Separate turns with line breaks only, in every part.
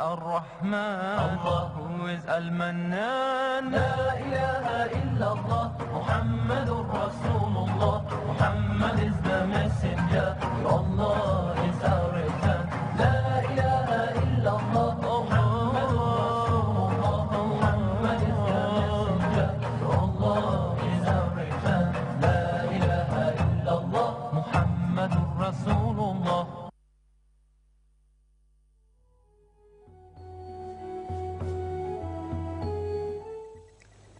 الرحمن الله هو المنان لا إله إلا الله محمد رسول الله محمد is the messenger الله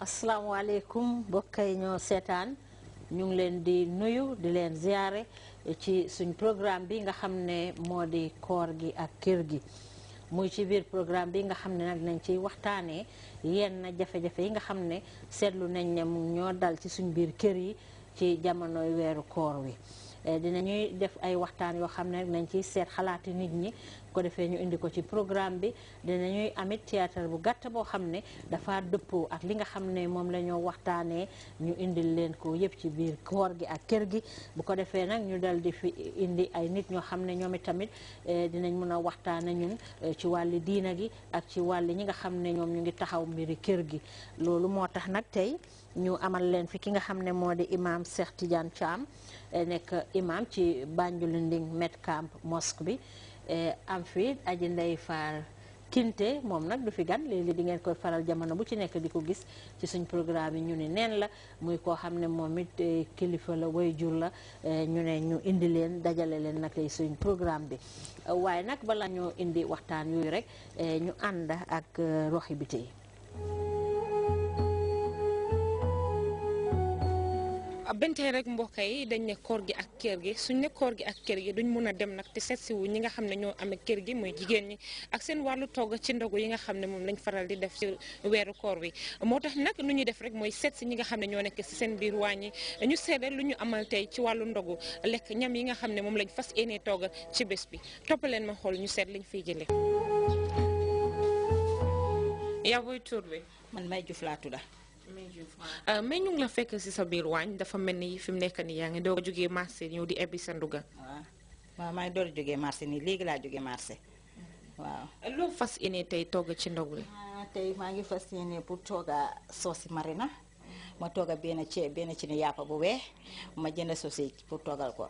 asalaamaaleykum mbokk yi ñoo seetaan ñu ngi leen di nuyu di leen ziare ci suñ programme bi nga xam ne moo di koor gi ak kër gi muy ci biir programme bi nga xam ne nag nañ ciy waxtaanee yenn jafe-jafe yi nga xam ne seetlu nañ ne mu ñoo dal ci suñ biir kër yi ci jamonoy weeru koor wi eh, dina ñuy def ay waxtaan yoo xam ne nañ ciy seet xalaati nit ñi ko defee ñu indi ko ci programme bi dinañuy amit théâtre bu gàtt boo xam ne dafa dëppoo ak li nga xam ne moom lañoo waxtaanee ñu indi leen ko yëpp ci biir koor gi ak kër gi bu ko defee nag ñu dal di fi indi ay nit ñoo xam ne ñoom itamit eh, dinañ mun a waxtaane ñun eh, ci wàlli diina gi ak ci wàlli ñi nga xam ne ñoom ñu ngi taxaw mbiri kër gi loolu moo tax nag tey ñu amal leen fi ki nga xam ne moo di imam Cheikh Tidiane Thiam eh, nekk imam ci Banjulinding Med Camp mosque bi am eh, fi aji ndey faal kinte moom nag du fi gan léeg di ngeen koy faral jamono bu ci nekk di ko gis ci suñ programme yi ñu ne neen la muy koo xam ne moom it eh, kilifa la way jur la eh, ñu ne ñu indi leen dajale leen nag lay suñ programme bi waaye nag balaa ñoo indi waxtaan yooyu rek ñu ànd ak roxi bi tey
Ah, bentey rek mbokk yi dañ ne koor gi ak kër gi suñ ne koor gi ak kër gi duñ mun a dem nag te seet si ñi nga xam ne ñoo amee kër gi mooy jigéen ñi ak seen wàllu togg ci ndogu yi nga xam ne moom lañ faral di def ci weeru koor wi moo tax nag lu ñu def rek mooy seet si ñi nga xam ne ñoo nekk si seen biir wàññi ñu seede lu ñu amal tey ci wàllu ndogu lekk ñam yi nga xam ne moom lañ fas yéene togg ci bés bi toppaleen ma xool ñu seet liñ fiy jëlee. yow buy tur bi man may Juuf laa tudd Euh, mais ñu ngi la fekk si sa biir waañ dafa mel ni fi mu nekk nii yaa ngi doo a jógee marché ñëw di ebbi sa nduga. waaw waaw maa ngi door a jógee marché nii léegi laa jógee marché
waaw. loo fas yéene tey togg ci ndog li. Ah, tey maa ngi fas yéene pour tooga soosi marina ma tooga benn ci benn ci ne yàppa bu weex ma jënd sausage pour toogal ko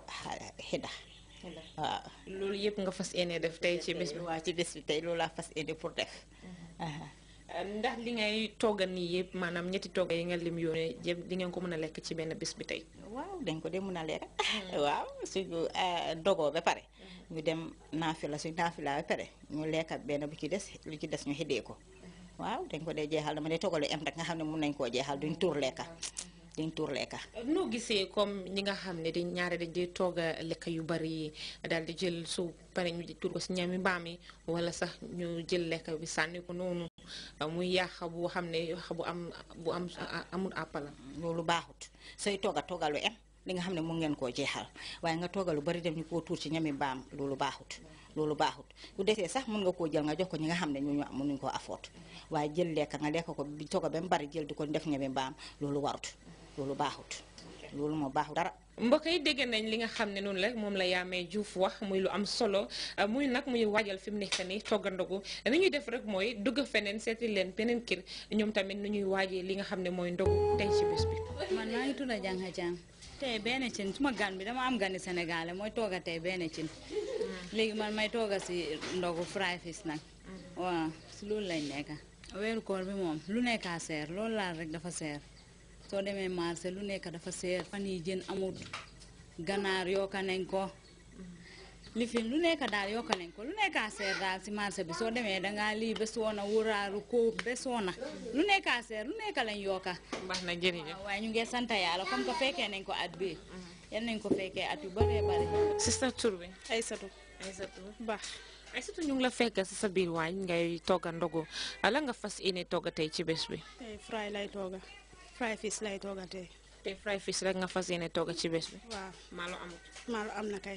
ah,
yëpp nga fas yéene def tey ci bés bi waaw ci bés bi tey loolu laa fas yéene pour def.
Mm-hmm.
ndax li ngay togga nii yëpp maanaam ñetti togga yi nga lim yoone jëm di ngeen ko mën a lekk ci benn bis bi tey waaw dañ ko dee mën a lekk
hmm. waaw suñu euh, dogoo ba pare hmm. ñu dem naafila suñ naafila ba pare ñu lekk benn bu ci des lu ci des ñu xidee ko hmm. waaw dañ ko dee jeexal dama dee toggale em rek nga xam ne mun nañ koo jeexal duñ tur lekka dañ tour lekka
nu gisee comme ñi nga xamne di dañ ñaare dañ dee tooga paring yu bari dal di jël su pare ñu tour ko ci ñami bammi wala sax ñu jël lekk bi sanni ko nonu muy yàq bu xamne ne bu am
bu am amul lolu baxut baaxut toga toga lu em li nga xamne mo ngeen koo jeexal waaye nga lu bari dem ñu ko tour ci ñami bam lolu baxut lolu baxut bu desee sax mën nga ko jël nga jox ko ñi nga ñu ne ñooñu mënuñ koo afoot jël lek nga lek ko bi toga bem bari jël di def ñami bam lolu warut loolu baaxut loolu moo baaxut dara.
mbokk yi dégg nañ li nga xam ne noonu la moom la Yamé Diouf wax muy lu am solo euh, muy nag muy waajal fi mu nekk nii toggandogu ni ñuy def rek mooy dugg feneen seeti leen beneen kër ñoom tamit nu ñuy li nga xam ne mooy ndogu tey ci
man maa ngi tudd Janga Jang tey benn cin suma gan bi dama am gani Sénégalais mooy tooga tey benn cin hmm. léegi man may tooga si ndogu fry fish nag hmm. waaw si loolu lañ nekk weeru koor bi moom lu nekk seer loolu laal rek dafa seer. soo demee marché lu nekk dafa seer fan yi jën amut ganaar yokka nañ ko lifin lu nekk daal yokka nañ ko lu nekkaa seer daal si marché bi soo demee dangaa lii ba soona wuraaru kóob ba soona lu nekkaa seer lu nekk lañ yokka
baax na jërëjëf
waaye ñu ngi sant yàlla comme que nañ ko at bi
mm-hmm. nañ ko fekkee at yu baree bare sista tur bi Aysatu Aysatu baax ay surtout ñu la fekk si sa biir waañ ngay togga ndogu ala nga fas yéene togga tey ci bes bi. tey fry lay
togga. fry fish lay tooga tey.
te fry fish rek nga fas yéene tooga ci bés bi. waaw maalo amut. maalo am na kay.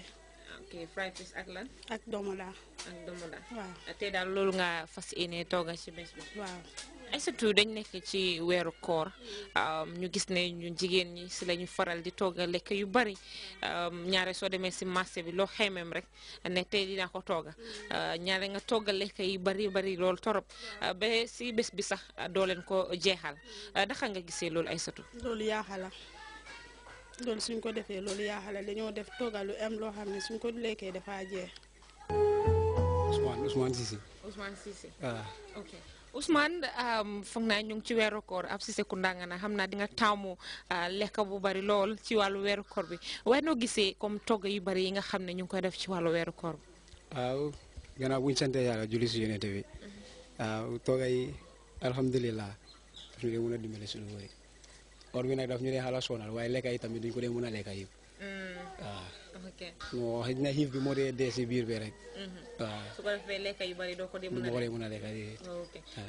ok fried fish ak lan. ak domoda. ak domoda. Ah, tey daal loolu nga fas yéene tooga ci bés bi. waaw ay surtout dañ nekk ci weeru koor um, ñu gis ne ñu jigéen ñi si la ñu faral di tooga lekk yu bari um, ñaare soo demee si marché bi loo xeymem rek ne tey dinaa ko tooga uh, ñaare nga tooga lekk yu bari bari lool torop uh, ba si bés bi sax doo leen ko jeexal daxa uh, nga gisee loolu ay surtout.
loolu yaaxa loolu suñ ko defee loolu yaaxale
dañoo def toogal lu am loo xam ne suñ ko lekkee dafa jeex. Ousmane Ousmane Cissé. Ousmane Cissé. Ah. foog naa ñu ngi ci weeru koor ab Cissé Koundangana xam naa di nga taamu ah, lekka bu bari lool ci wàllu weeru koor bi waaye noo gisee comme togg yu bari yi nga xam ne ñu ngi koy def ci wàllu weeru koor bi.
waaw gannaaw bu ñu sant yàlla julli si yonente bi mhm. waaw tooga yi alhamdulilah daf ñu mën a dimbale suñu bëri. or bi ñu dee xala sonal waaye lekka yi tamit duñ ko dee mën a lekka yëpp mm.
ah.
bi moo dee dee si biir bi rek
mm-hmm. ah. lekk yu bari doo ko dee mën
a lekka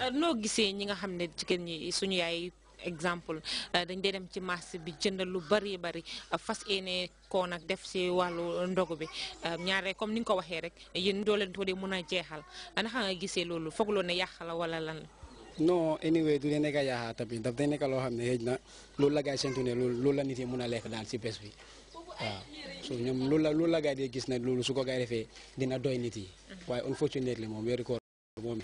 ah. noo
gisee ñi nga xam ne jigéen ñi suñu yaay exemple dañ dee dem ci marché bi jënd lu bari bari fas yéene koo nag def si wàllu ndogu bi ñaare comme ni nga ko waxee rek yéen doo leen too dee mën a jeexal ndax nga gisee loolu foog loolu ne yàq la la
non anyway du dee nekk yaakaar tamit daf day nekk loo loolu la gars yi séntu ne loolu loolu la nit yi mun a lekk daal si bés bi waaw so ñoom loolu la loolu la gars yi gis na loolu su ko gars yi defee dina doy nit yi waaye unfortunately moom weeru koor moom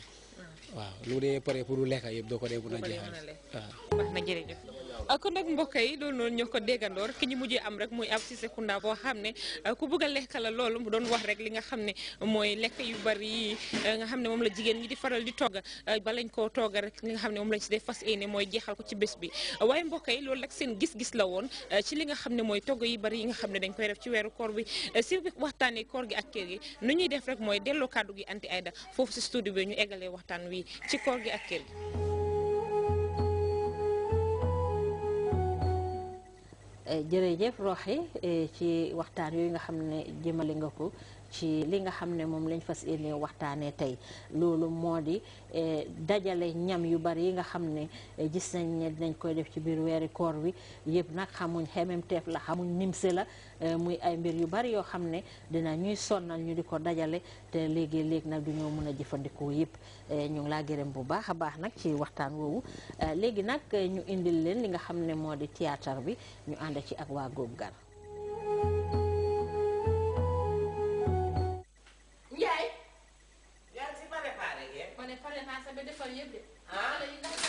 waaw lu dee pare pour lu lekk yëpp doo ko dee mun a jeexal
Ah, kon nag mbokk yi loolu noonu ñoo ko déggandoor ki ñu mujjee am rek muy ab Serekunda boo xam ne ah, ku bëgg a lekk la loolu mu doon wax rek li nga xam ne mooy lekk yu bari yi ah, nga xam ne moom la jigéen ñi di faral di togg ba lañ koo togg rek li nga xam ne moom lañ si def fas yéene mooy jeexal ko ci bés bi waaye mbokk yi loolu seen gis-gis la woon ci xam ne mooy togg yu bari yi nga xam ne dañ koy def ci weeru koor bi si waxtaanee koor gi ak kër gi nu ñuy def rek mooy delloo kàddu gi anti ayda foofu si studio bi ñu eggalee waxtaan wi ci koor gi ak kër gi
jërëjëf Roxi eh, ci waxtaan yooyu nga xam ne jëmale nga ko ci li nga xam ne moom lañ fas yéene waxtaanee tey loolu moo di eh, dajale ñam yu bari yi nga xam ne eh, gis nañ ne dinañ koy def ci biir weeri koor wi yëpp nag xamuñ xememteef la xamuñ nimse la eh, muy ay mbir yu bari yoo xam ne dina ñuy sonnal ñu di ko dajale te léegi léeg nag du ñoo mën a jëfandikoo yëpp ñu ngi laa gërëm bu baax a baax nag ci waxtaan woowu léegi nag ñu indil leen li nga xam ne moo di théâtre bi ñu ànd ci ak waa góob gar
yëpp de. ah xale yi ndax